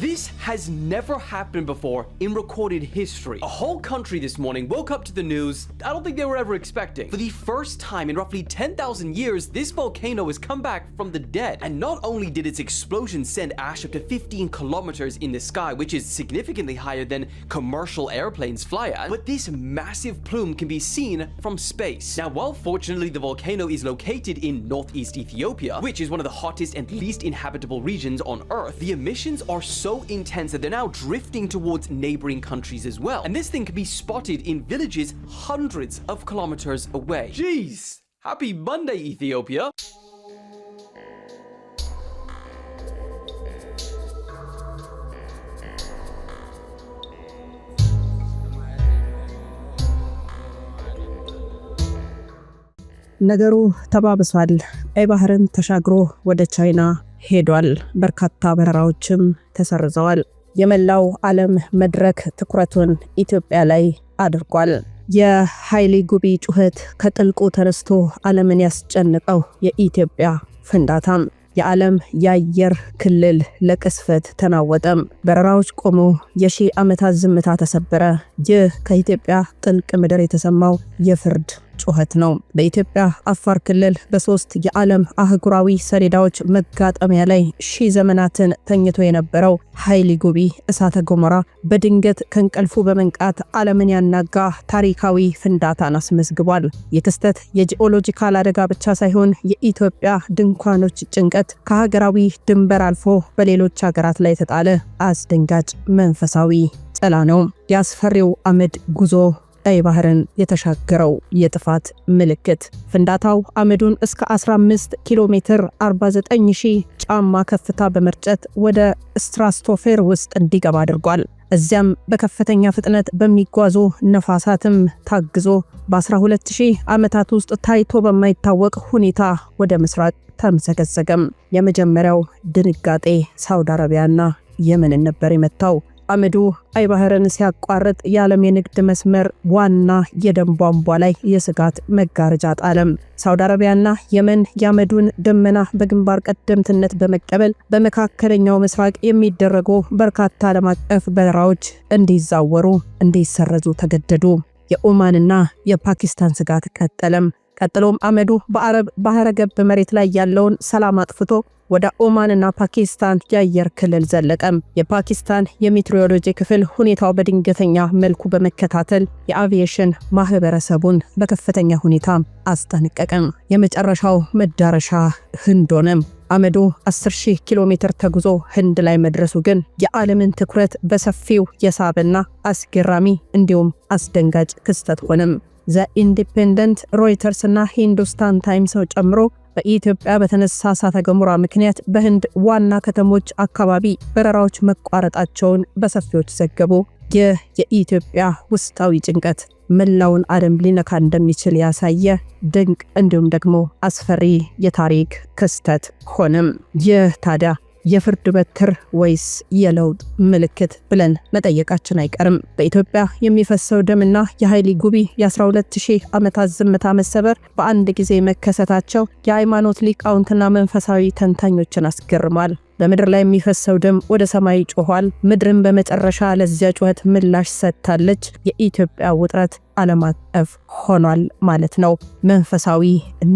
This has never happened before in recorded history. A whole country this morning woke up to the news I don't think they were ever expecting. For the first time in roughly 10,000 years, this volcano has come back from the dead. And not only did its explosion send ash up to 15 kilometers in the sky, which is significantly higher than commercial airplanes fly at, but this massive plume can be seen from space. Now, while fortunately the volcano is located in northeast Ethiopia, which is one of the hottest and least inhabitable regions on Earth, the emissions are so so intense that they're now drifting towards neighboring countries as well. And this thing can be spotted in villages hundreds of kilometers away. Jeez! Happy Monday, Ethiopia! ነገሩ ተባብሷል። ቀይ ባህርን ተሻግሮ ወደ ቻይና ሄዷል። በርካታ በረራዎችም ተሰርዘዋል። የመላው ዓለም መድረክ ትኩረቱን ኢትዮጵያ ላይ አድርጓል። የኃይሌ ጉቢ ጩኸት ከጥልቁ ተነስቶ ዓለምን ያስጨንቀው የኢትዮጵያ ፍንዳታም የዓለም የአየር ክልል ለቅስፈት ተናወጠም። በረራዎች ቆሞ የሺህ ዓመታት ዝምታ ተሰበረ። ይህ ከኢትዮጵያ ጥልቅ ምድር የተሰማው የፍርድ ጩኸት ነው። በኢትዮጵያ አፋር ክልል በሶስት የዓለም አህጉራዊ ሰሌዳዎች መጋጠሚያ ላይ ሺ ዘመናትን ተኝቶ የነበረው ኃይሊ ጉቢ እሳተ ገሞራ በድንገት ከእንቅልፉ በመንቃት ዓለምን ያናጋ ታሪካዊ ፍንዳታን አስመዝግቧል። የክስተት የጂኦሎጂካል አደጋ ብቻ ሳይሆን የኢትዮጵያ ድንኳኖች ጭንቀት ከሀገራዊ ድንበር አልፎ በሌሎች ሀገራት ላይ የተጣለ አስደንጋጭ መንፈሳዊ ጥላ ነው። የአስፈሪው አመድ ጉዞ ቀይ ባህርን የተሻገረው የጥፋት ምልክት። ፍንዳታው አመዱን እስከ 15 ኪሎ ሜትር 49000 ጫማ ከፍታ በመርጨት ወደ ስትራስቶፌር ውስጥ እንዲገባ አድርጓል። እዚያም በከፍተኛ ፍጥነት በሚጓዙ ነፋሳትም ታግዞ በ12000 ዓመታት ውስጥ ታይቶ በማይታወቅ ሁኔታ ወደ ምስራቅ ተምዘገዘገም። የመጀመሪያው ድንጋጤ ሳውዲ አረቢያና የመንን ነበር የመታው። አመዱ ቀይ ባህርን ሲያቋርጥ የዓለም የንግድ መስመር ዋና የደም ቧንቧ ላይ የስጋት መጋረጃ ጣለም። ሳውዲ አረቢያና የመን የአመዱን ደመና በግንባር ቀደምትነት በመቀበል በመካከለኛው ምስራቅ የሚደረጉ በርካታ ዓለም አቀፍ በረራዎች እንዲዛወሩ፣ እንዲሰረዙ ተገደዱ። የኦማንና የፓኪስታን ስጋት ቀጠለም። ቀጥሎም አመዱ በአረብ ባህረ ገብ መሬት ላይ ያለውን ሰላም አጥፍቶ ወደ ኦማንና ፓኪስታን የአየር ክልል ዘለቀም። የፓኪስታን የሜትሮሎጂ ክፍል ሁኔታው በድንገተኛ መልኩ በመከታተል የአቪዬሽን ማህበረሰቡን በከፍተኛ ሁኔታ አስጠነቀቀም። የመጨረሻው መዳረሻ ህንድ ሆነም። አመዱ 10000 ኪሎ ሜትር ተጉዞ ህንድ ላይ መድረሱ ግን የዓለምን ትኩረት በሰፊው የሳበና አስገራሚ እንዲሁም አስደንጋጭ ክስተት ሆነም። ዘ ኢንዲፔንደንት፣ ሮይተርስ እና ሂንዱስታን ታይምስ ጨምሮ በኢትዮጵያ በተነሳ እሳተ ገሞራ ምክንያት በህንድ ዋና ከተሞች አካባቢ በረራዎች መቋረጣቸውን በሰፊዎች ዘገቡ። ይህ የኢትዮጵያ ውስጣዊ ጭንቀት መላውን ዓለም ሊነካ እንደሚችል ያሳየ ድንቅ እንዲሁም ደግሞ አስፈሪ የታሪክ ክስተት ሆነም። ይህ ታዲያ የፍርድ በትር ወይስ የለውጥ ምልክት ብለን መጠየቃችን አይቀርም። በኢትዮጵያ የሚፈሰው ደምና የኃይሊ ጉቢ የ12000 ዓመታት ዝምታ መሰበር በአንድ ጊዜ መከሰታቸው የሃይማኖት ሊቃውንትና መንፈሳዊ ተንታኞችን አስገርሟል። በምድር ላይ የሚፈሰው ደም ወደ ሰማይ ጮኋል። ምድርን በመጨረሻ ለዚያ ጩኸት ምላሽ ሰጥታለች። የኢትዮጵያ ውጥረት ዓለም አቀፍ ሆኗል ማለት ነው። መንፈሳዊ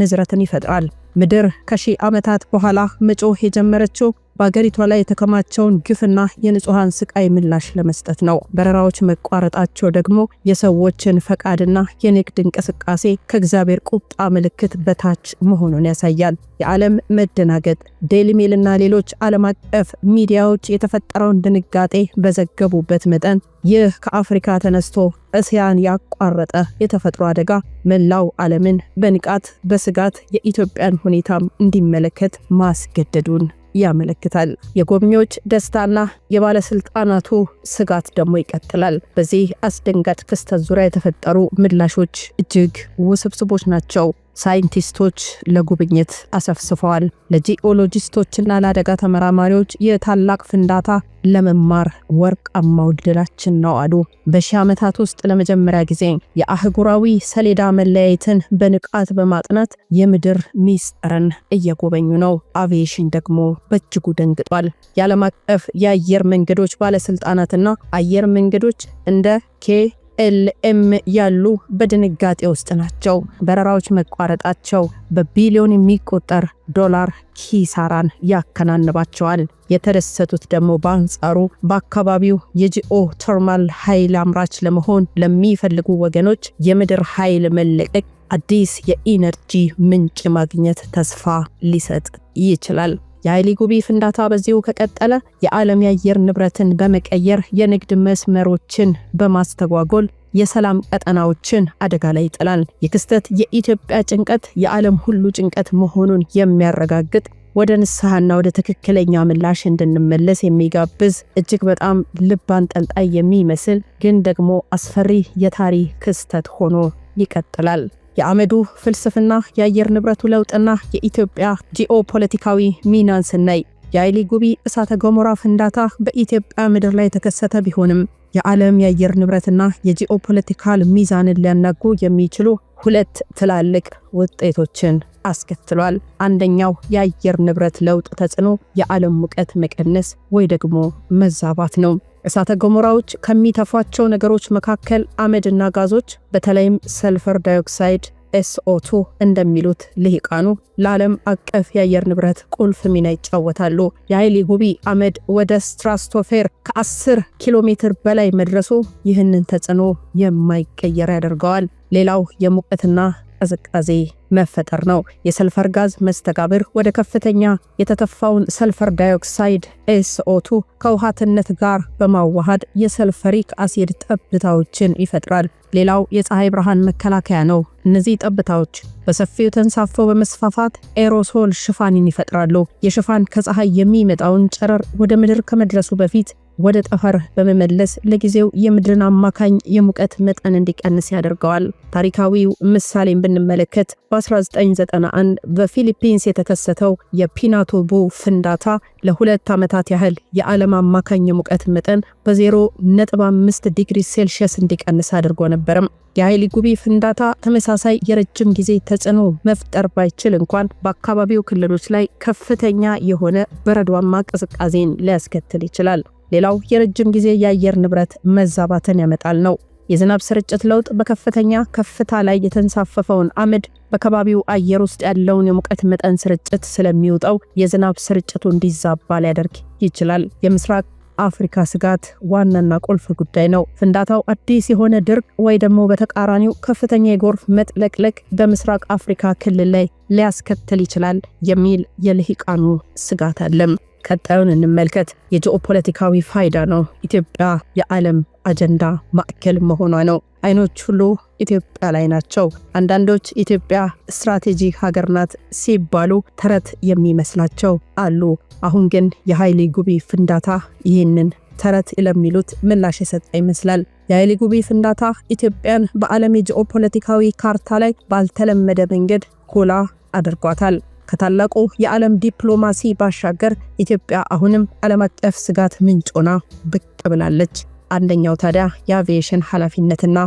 ንዝረትን ይፈጥራል። ምድር ከሺህ ዓመታት በኋላ መጮህ የጀመረችው በአገሪቷ ላይ የተከማቸውን ግፍና የንጹሐን ስቃይ ምላሽ ለመስጠት ነው። በረራዎች መቋረጣቸው ደግሞ የሰዎችን ፈቃድና የንግድ እንቅስቃሴ ከእግዚአብሔር ቁጣ ምልክት በታች መሆኑን ያሳያል። የዓለም መደናገጥ ዴይሊ ና ሌሎች ዓለም አቀፍ ሚዲያዎች የተፈጠረውን ድንጋጤ በዘገቡበት መጠን ይህ ከአፍሪካ ተነስቶ እስያን ያቋረጠ የተፈጥሮ አደጋ መላው ዓለምን በንቃት በስጋት የኢትዮጵያን ሁኔታም እንዲመለከት ማስገደዱን ያመለክታል። የጎብኚዎች ደስታና የባለስልጣናቱ ስጋት ደግሞ ይቀጥላል። በዚህ አስደንጋጭ ክስተት ዙሪያ የተፈጠሩ ምላሾች እጅግ ውስብስቦች ናቸው። ሳይንቲስቶች ለጉብኝት አሰፍስፈዋል። ለጂኦሎጂስቶችና ለአደጋ ተመራማሪዎች የታላቅ ፍንዳታ ለመማር ወርቃማው ድላችን ነው አሉ። በሺህ ዓመታት ውስጥ ለመጀመሪያ ጊዜ የአህጉራዊ ሰሌዳ መለያየትን በንቃት በማጥናት የምድር ሚስጥርን እየጎበኙ ነው። አቪዬሽን ደግሞ በእጅጉ ደንግጧል። የዓለም አቀፍ የአየር መንገዶች ባለስልጣናትና አየር መንገዶች እንደ ኬ ኤልኤም ያሉ በድንጋጤ ውስጥ ናቸው። በረራዎች መቋረጣቸው በቢሊዮን የሚቆጠር ዶላር ኪሳራን ያከናንባቸዋል። የተደሰቱት ደግሞ በአንጻሩ በአካባቢው የጂኦ ተርማል ኃይል አምራች ለመሆን ለሚፈልጉ ወገኖች የምድር ኃይል መለቀቅ አዲስ የኢነርጂ ምንጭ ማግኘት ተስፋ ሊሰጥ ይችላል። የኃይሊ ጉቢ ፍንዳታ በዚሁ ከቀጠለ የዓለም የአየር ንብረትን በመቀየር የንግድ መስመሮችን በማስተጓጎል የሰላም ቀጠናዎችን አደጋ ላይ ይጥላል። የክስተት የኢትዮጵያ ጭንቀት የዓለም ሁሉ ጭንቀት መሆኑን የሚያረጋግጥ ወደ ንስሐና ወደ ትክክለኛ ምላሽ እንድንመለስ የሚጋብዝ እጅግ በጣም ልብ አንጠልጣይ የሚመስል ግን ደግሞ አስፈሪ የታሪክ ክስተት ሆኖ ይቀጥላል። የአመዱ ፍልስፍና የአየር ንብረቱ ለውጥና የኢትዮጵያ ጂኦፖለቲካዊ ሚናን ስናይ የአይሊ ጉቢ እሳተ ገሞራ ፍንዳታ በኢትዮጵያ ምድር ላይ የተከሰተ ቢሆንም የዓለም የአየር ንብረትና የጂኦፖለቲካል ሚዛንን ሊያናጉ የሚችሉ ሁለት ትላልቅ ውጤቶችን አስከትሏል። አንደኛው የአየር ንብረት ለውጥ ተጽዕኖ የዓለም ሙቀት መቀነስ ወይ ደግሞ መዛባት ነው። እሳተ ገሞራዎች ከሚተፏቸው ነገሮች መካከል አመድና ጋዞች በተለይም ሰልፈር ዳይኦክሳይድ ኤስኦ2 እንደሚሉት ልሂቃኑ ለዓለም አቀፍ የአየር ንብረት ቁልፍ ሚና ይጫወታሉ። የኃይሊ ጉቢ አመድ ወደ ስትራስቶፌር ከ10 ኪሎ ሜትር በላይ መድረሱ ይህንን ተጽዕኖ የማይቀየር ያደርገዋል። ሌላው የሙቀትና ቅዝቃዜ መፈጠር ነው። የሰልፈር ጋዝ መስተጋብር ወደ ከፍተኛ የተተፋውን ሰልፈር ዳይኦክሳይድ ኤስኦ2 ከውሃትነት ጋር በማዋሃድ የሰልፈሪክ አሲድ ጠብታዎችን ይፈጥራል። ሌላው የፀሐይ ብርሃን መከላከያ ነው። እነዚህ ጠብታዎች በሰፊው ተንሳፈው በመስፋፋት ኤሮሶል ሽፋንን ይፈጥራሉ። የሽፋን ከፀሐይ የሚመጣውን ጨረር ወደ ምድር ከመድረሱ በፊት ወደ ጠፈር በመመለስ ለጊዜው የምድርን አማካኝ የሙቀት መጠን እንዲቀንስ ያደርገዋል። ታሪካዊው ምሳሌን ብንመለከት በ 1991 በፊሊፒንስ የተከሰተው የፒናቶቦ ፍንዳታ ለሁለት ዓመታት ያህል የዓለም አማካኝ የሙቀት መጠን በ0.5 ዲግሪ ሴልሺየስ እንዲቀንስ አድርጎ ነበርም። የኃይሊ ጉቢ ፍንዳታ ተመሳሳይ የረጅም ጊዜ ተጽዕኖ መፍጠር ባይችል እንኳን በአካባቢው ክልሎች ላይ ከፍተኛ የሆነ በረዷማ ቅዝቃዜን ሊያስከትል ይችላል። ሌላው የረጅም ጊዜ የአየር ንብረት መዛባትን ያመጣል ነው። የዝናብ ስርጭት ለውጥ በከፍተኛ ከፍታ ላይ የተንሳፈፈውን አመድ በከባቢው አየር ውስጥ ያለውን የሙቀት መጠን ስርጭት ስለሚውጠው የዝናብ ስርጭቱ እንዲዛባ ሊያደርግ ይችላል። የምስራቅ አፍሪካ ስጋት ዋናና ቁልፍ ጉዳይ ነው። ፍንዳታው አዲስ የሆነ ድርቅ ወይ ደግሞ በተቃራኒው ከፍተኛ የጎርፍ መጥለቅለቅ በምስራቅ አፍሪካ ክልል ላይ ሊያስከትል ይችላል የሚል የልሂቃኑ ስጋት አለም። ቀጣዩን እንመልከት። የጂኦፖለቲካዊ ፋይዳ ነው። ኢትዮጵያ የዓለም አጀንዳ ማዕከል መሆኗ ነው። አይኖች ሁሉ ኢትዮጵያ ላይ ናቸው። አንዳንዶች ኢትዮጵያ ስትራቴጂ ሀገር ናት ሲባሉ ተረት የሚመስላቸው አሉ። አሁን ግን የኃይሌ ጉቢ ፍንዳታ ይህንን ተረት ለሚሉት ምላሽ የሰጠ ይመስላል። የኃይሊ ጉቢ ፍንዳታ ኢትዮጵያን በዓለም የጂኦፖለቲካዊ ካርታ ላይ ባልተለመደ መንገድ ጎላ አድርጓታል። ከታላቁ የዓለም ዲፕሎማሲ ባሻገር ኢትዮጵያ አሁንም ዓለም አቀፍ ስጋት ምንጭ ሆና ብቅ ብላለች። አንደኛው ታዲያ የአቪዬሽን ኃላፊነትና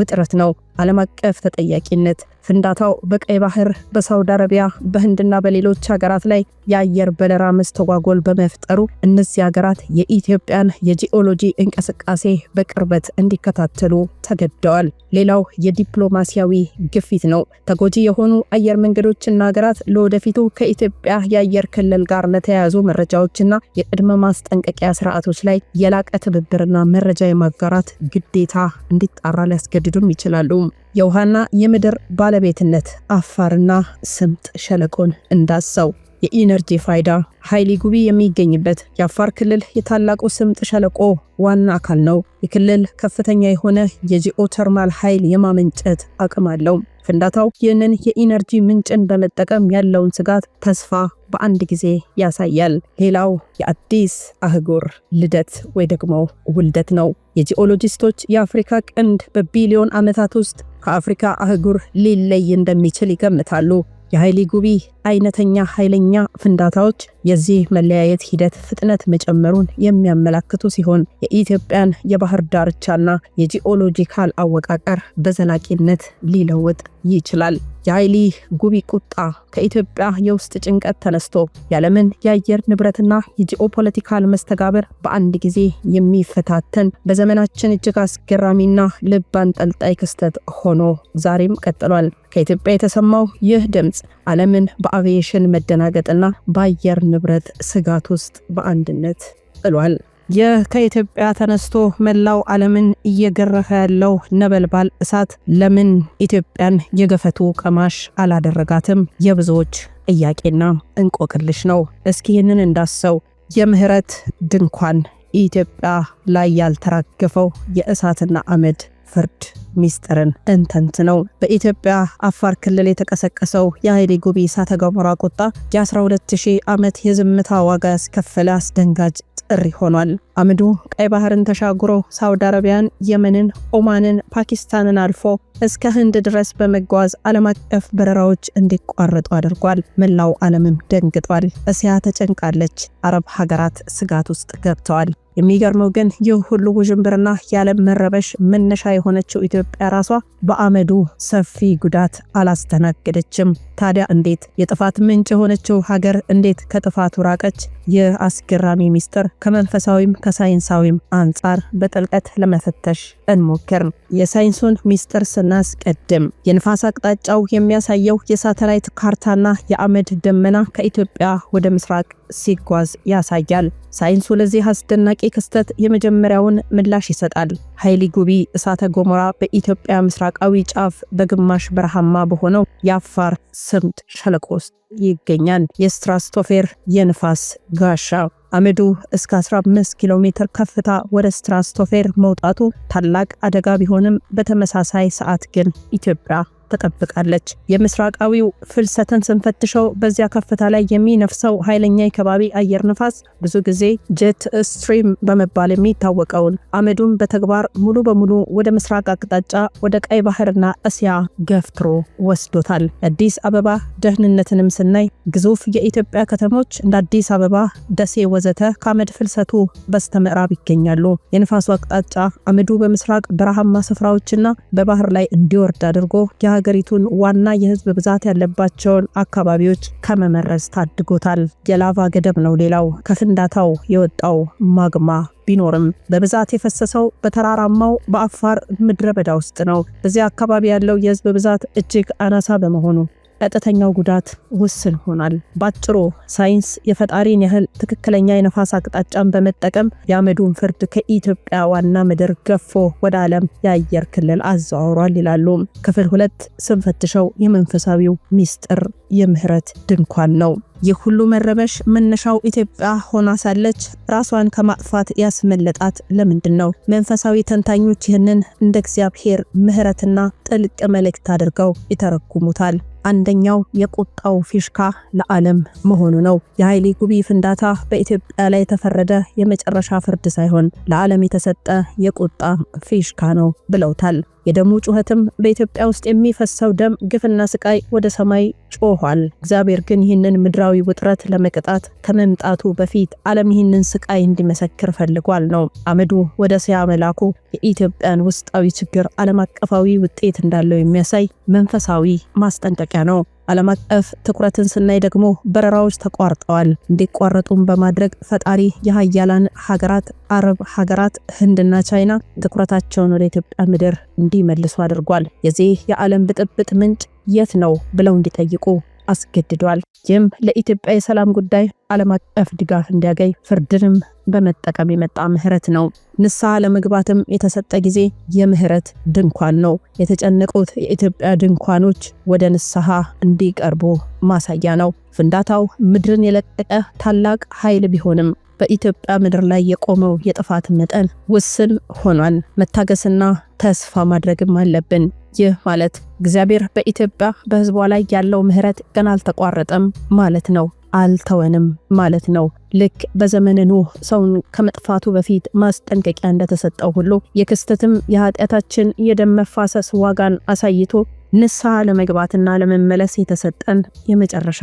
ውጥረት ነው። ዓለም አቀፍ ተጠያቂነት ፍንዳታው በቀይ ባህር፣ በሳውዲ አረቢያ፣ በህንድና በሌሎች ሀገራት ላይ የአየር በረራ መስተጓጎል በመፍጠሩ እነዚህ ሀገራት የኢትዮጵያን የጂኦሎጂ እንቅስቃሴ በቅርበት እንዲከታተሉ ተገደዋል። ሌላው የዲፕሎማሲያዊ ግፊት ነው። ተጎጂ የሆኑ አየር መንገዶችና ሀገራት ለወደፊቱ ከኢትዮጵያ የአየር ክልል ጋር ለተያያዙ መረጃዎችና የቅድመ ማስጠንቀቂያ ስርዓቶች ላይ የላቀ ትብብርና መረጃ የማጋራት ግዴታ እንዲጣራ ሊያስገድዱም ይችላሉ። የውሃና የምድር ባለቤትነት አፋርና ስምጥ ሸለቆን እንዳሰው የኢነርጂ ፋይዳ ኃይሊ ጉቢ የሚገኝበት የአፋር ክልል የታላቁ ስምጥ ሸለቆ ዋና አካል ነው። የክልል ከፍተኛ የሆነ የጂኦተርማል ኃይል የማመንጨት አቅም አለው። ፍንዳታው ይህንን የኢነርጂ ምንጭን በመጠቀም ያለውን ስጋት ተስፋ በአንድ ጊዜ ያሳያል። ሌላው የአዲስ አህጉር ልደት ወይ ደግሞ ውልደት ነው። የጂኦሎጂስቶች የአፍሪካ ቀንድ በቢሊዮን ዓመታት ውስጥ ከአፍሪካ አህጉር ሊለይ እንደሚችል ይገምታሉ። የኃይሊ ጉቢ አይነተኛ ኃይለኛ ፍንዳታዎች የዚህ መለያየት ሂደት ፍጥነት መጨመሩን የሚያመላክቱ ሲሆን የኢትዮጵያን የባህር ዳርቻና የጂኦሎጂካል አወቃቀር በዘላቂነት ሊለውጥ ይችላል። የኃይሊ ጉቢ ቁጣ ከኢትዮጵያ የውስጥ ጭንቀት ተነስቶ የዓለምን የአየር ንብረትና የጂኦፖለቲካል መስተጋብር በአንድ ጊዜ የሚፈታተን በዘመናችን እጅግ አስገራሚና ልብ አንጠልጣይ ክስተት ሆኖ ዛሬም ቀጥሏል። ከኢትዮጵያ የተሰማው ይህ ድምፅ ዓለምን በአቪዬሽን መደናገጥና በአየር ንብረት ስጋት ውስጥ በአንድነት ጥሏል። ይህ ከኢትዮጵያ ተነስቶ መላው ዓለምን እየገረፈ ያለው ነበልባል እሳት ለምን ኢትዮጵያን የገፈቱ ቀማሽ አላደረጋትም? የብዙዎች ጥያቄና እንቆቅልሽ ነው። እስኪ ይህንን እንዳሰው የምህረት ድንኳን ኢትዮጵያ ላይ ያልተራገፈው የእሳትና አመድ ፍርድ ሚስጥርን እንተንት ነው። በኢትዮጵያ አፋር ክልል የተቀሰቀሰው የኃይሌ ጉቢ እሳተ ገሞራ ቁጣ የ12000 ዓመት የዝምታ ዋጋ ያስከፈለ አስደንጋጭ ጥሪ ሆኗል። አምዱ ቀይ ባህርን ተሻግሮ ሳውዲ አረቢያን፣ የመንን፣ ኦማንን፣ ፓኪስታንን አልፎ እስከ ህንድ ድረስ በመጓዝ ዓለም አቀፍ በረራዎች እንዲቋረጡ አድርጓል። መላው ዓለምም ደንግጧል። እስያ ተጨንቃለች። አረብ ሀገራት ስጋት ውስጥ ገብተዋል። የሚገርመው ግን ይህ ሁሉ ውዥንብርና የዓለም መረበሽ መነሻ የሆነችው ኢትዮጵያ ኢትዮጵያ ራሷ በአመዱ ሰፊ ጉዳት አላስተናገደችም። ታዲያ እንዴት የጥፋት ምንጭ የሆነችው ሀገር እንዴት ከጥፋቱ ራቀች? ይህ አስገራሚ ሚስጥር ከመንፈሳዊም ከሳይንሳዊም አንጻር በጥልቀት ለመፈተሽ እንሞክር። የሳይንሱን ሚስጥር ስናስቀድም የንፋስ አቅጣጫው የሚያሳየው የሳተላይት ካርታና የአመድ ደመና ከኢትዮጵያ ወደ ምስራቅ ሲጓዝ ያሳያል። ሳይንሱ ለዚህ አስደናቂ ክስተት የመጀመሪያውን ምላሽ ይሰጣል። ኃይሊ ጉቢ እሳተ ገሞራ በኢትዮጵያ ምስራቃዊ ጫፍ በግማሽ በረሃማ በሆነው የአፋር ስምጥ ሸለቆ ውስጥ ይገኛል። የስትራስቶፌር የንፋስ ጋሻ አመዱ እስከ 15 ኪሎ ሜትር ከፍታ ወደ ስትራስቶፌር መውጣቱ ታላቅ አደጋ ቢሆንም በተመሳሳይ ሰዓት ግን ኢትዮጵያ ተጠብቃለች። የምስራቃዊው ፍልሰትን ስንፈትሸው በዚያ ከፍታ ላይ የሚነፍሰው ኃይለኛ የከባቢ አየር ንፋስ ብዙ ጊዜ ጄት ስትሪም በመባል የሚታወቀውን አመዱን በተግባር ሙሉ በሙሉ ወደ ምስራቅ አቅጣጫ ወደ ቀይ ባህርና እስያ ገፍትሮ ወስዶታል። አዲስ አበባ ደህንነትንም ስናይ ግዙፍ የኢትዮጵያ ከተሞች እንደ አዲስ አበባ፣ ደሴ ወዘተ ከአመድ ፍልሰቱ በስተምዕራብ ይገኛሉ። የንፋሱ አቅጣጫ አመዱ በምስራቅ በረሃማ ስፍራዎችና በባህር ላይ እንዲወርድ አድርጎ የሀገሪቱን ዋና የህዝብ ብዛት ያለባቸውን አካባቢዎች ከመመረዝ ታድጎታል። የላቫ ገደብ ነው ሌላው ከፍንዳታው የወጣው ማግማ ቢኖርም በብዛት የፈሰሰው በተራራማው በአፋር ምድረ በዳ ውስጥ ነው። በዚያ አካባቢ ያለው የህዝብ ብዛት እጅግ አናሳ በመሆኑ ቀጥተኛው ጉዳት ውስን ሆኗል። ባጭሩ ሳይንስ የፈጣሪን ያህል ትክክለኛ የነፋስ አቅጣጫን በመጠቀም የአመዱን ፍርድ ከኢትዮጵያ ዋና ምድር ገፎ ወደ ዓለም የአየር ክልል አዘዋውሯል ይላሉ። ክፍል ሁለት ስንፈትሸው የመንፈሳዊው ሚስጥር የምህረት ድንኳን ነው። ይህ ሁሉ መረበሽ መነሻው ኢትዮጵያ ሆና ሳለች ራሷን ከማጥፋት ያስመለጣት ለምንድን ነው? መንፈሳዊ ተንታኞች ይህንን እንደ እግዚአብሔር ምሕረትና ጥልቅ መልእክት አድርገው ይተረጉሙታል። አንደኛው የቁጣው ፊሽካ ለዓለም መሆኑ ነው። የኃይሌ ጉቢ ፍንዳታ በኢትዮጵያ ላይ የተፈረደ የመጨረሻ ፍርድ ሳይሆን ለዓለም የተሰጠ የቁጣ ፊሽካ ነው ብለውታል። የደሙ ጩኸትም በኢትዮጵያ ውስጥ የሚፈሰው ደም ግፍና ስቃይ ወደ ሰማይ ጮኋል። እግዚአብሔር ግን ይህንን ምድራዊ ውጥረት ለመቅጣት ከመምጣቱ በፊት ዓለም ይህንን ስቃይ እንዲመሰክር ፈልጓል ነው አመዱ ወደ ሲያ መላኩ የኢትዮጵያን ውስጣዊ ችግር ዓለም አቀፋዊ ውጤት እንዳለው የሚያሳይ መንፈሳዊ ማስጠንቀቂያ ነው። ዓለም አቀፍ ትኩረትን ስናይ ደግሞ በረራዎች ተቋርጠዋል። እንዲቋረጡም በማድረግ ፈጣሪ የሀያላን ሀገራት አረብ ሀገራት ህንድና ቻይና ትኩረታቸውን ወደ ኢትዮጵያ ምድር እንዲመልሱ አድርጓል። የዚህ የዓለም ብጥብጥ ምንጭ የት ነው ብለው እንዲጠይቁ አስገድዷል። ይህም ለኢትዮጵያ የሰላም ጉዳይ ዓለም አቀፍ ድጋፍ እንዲያገኝ ፍርድንም በመጠቀም የመጣ ምህረት ነው። ንስሐ ለመግባትም የተሰጠ ጊዜ የምህረት ድንኳን ነው። የተጨነቁት የኢትዮጵያ ድንኳኖች ወደ ንስሐ እንዲቀርቡ ማሳያ ነው። ፍንዳታው ምድርን የለቀቀ ታላቅ ኃይል ቢሆንም በኢትዮጵያ ምድር ላይ የቆመው የጥፋት መጠን ውስን ሆኗል። መታገስና ተስፋ ማድረግም አለብን። ይህ ማለት እግዚአብሔር በኢትዮጵያ በሕዝቧ ላይ ያለው ምሕረት ገና አልተቋረጠም ማለት ነው። አልተወንም ማለት ነው። ልክ በዘመነ ኖህ ሰውን ከመጥፋቱ በፊት ማስጠንቀቂያ እንደተሰጠው ሁሉ የክስተትም የኃጢአታችን የደም መፋሰስ ዋጋን አሳይቶ ንስሐ ለመግባትና ለመመለስ የተሰጠን የመጨረሻ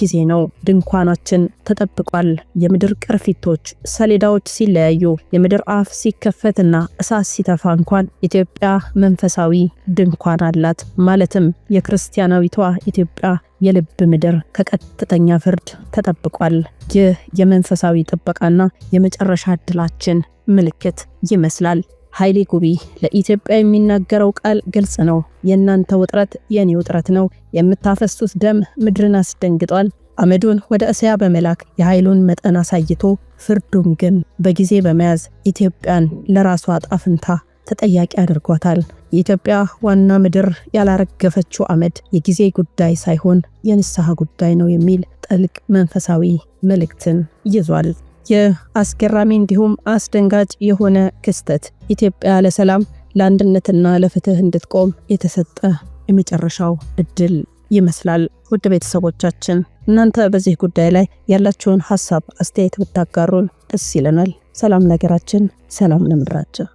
ጊዜ ነው። ድንኳናችን ተጠብቋል። የምድር ቅርፊቶች ሰሌዳዎች ሲለያዩ፣ የምድር አፍ ሲከፈትና እሳት ሲተፋ እንኳን ኢትዮጵያ መንፈሳዊ ድንኳን አላት። ማለትም የክርስቲያናዊቷ ኢትዮጵያ የልብ ምድር ከቀጥተኛ ፍርድ ተጠብቋል። ይህ የመንፈሳዊ ጥበቃና የመጨረሻ ዕድላችን ምልክት ይመስላል። ኃይሌ ጉቢ ለኢትዮጵያ የሚናገረው ቃል ግልጽ ነው። የእናንተ ውጥረት የኔ ውጥረት ነው። የምታፈሱት ደም ምድርን አስደንግጧል። አመዱን ወደ እስያ በመላክ የኃይሉን መጠን አሳይቶ ፍርዱም ግን በጊዜ በመያዝ ኢትዮጵያን ለራሷ ጣፍንታ ተጠያቂ አድርጓታል። የኢትዮጵያ ዋና ምድር ያላረገፈችው አመድ የጊዜ ጉዳይ ሳይሆን የንስሐ ጉዳይ ነው የሚል ጥልቅ መንፈሳዊ መልእክትን ይዟል። የአስገራሚ እንዲሁም አስደንጋጭ የሆነ ክስተት ኢትዮጵያ ለሰላም ለአንድነትና ለፍትህ እንድትቆም የተሰጠ የመጨረሻው እድል ይመስላል። ውድ ቤተሰቦቻችን እናንተ በዚህ ጉዳይ ላይ ያላችሁን ሀሳብ፣ አስተያየት ብታጋሩን ደስ ይለናል። ሰላም ለሀገራችን፣ ሰላም ለምድራችን።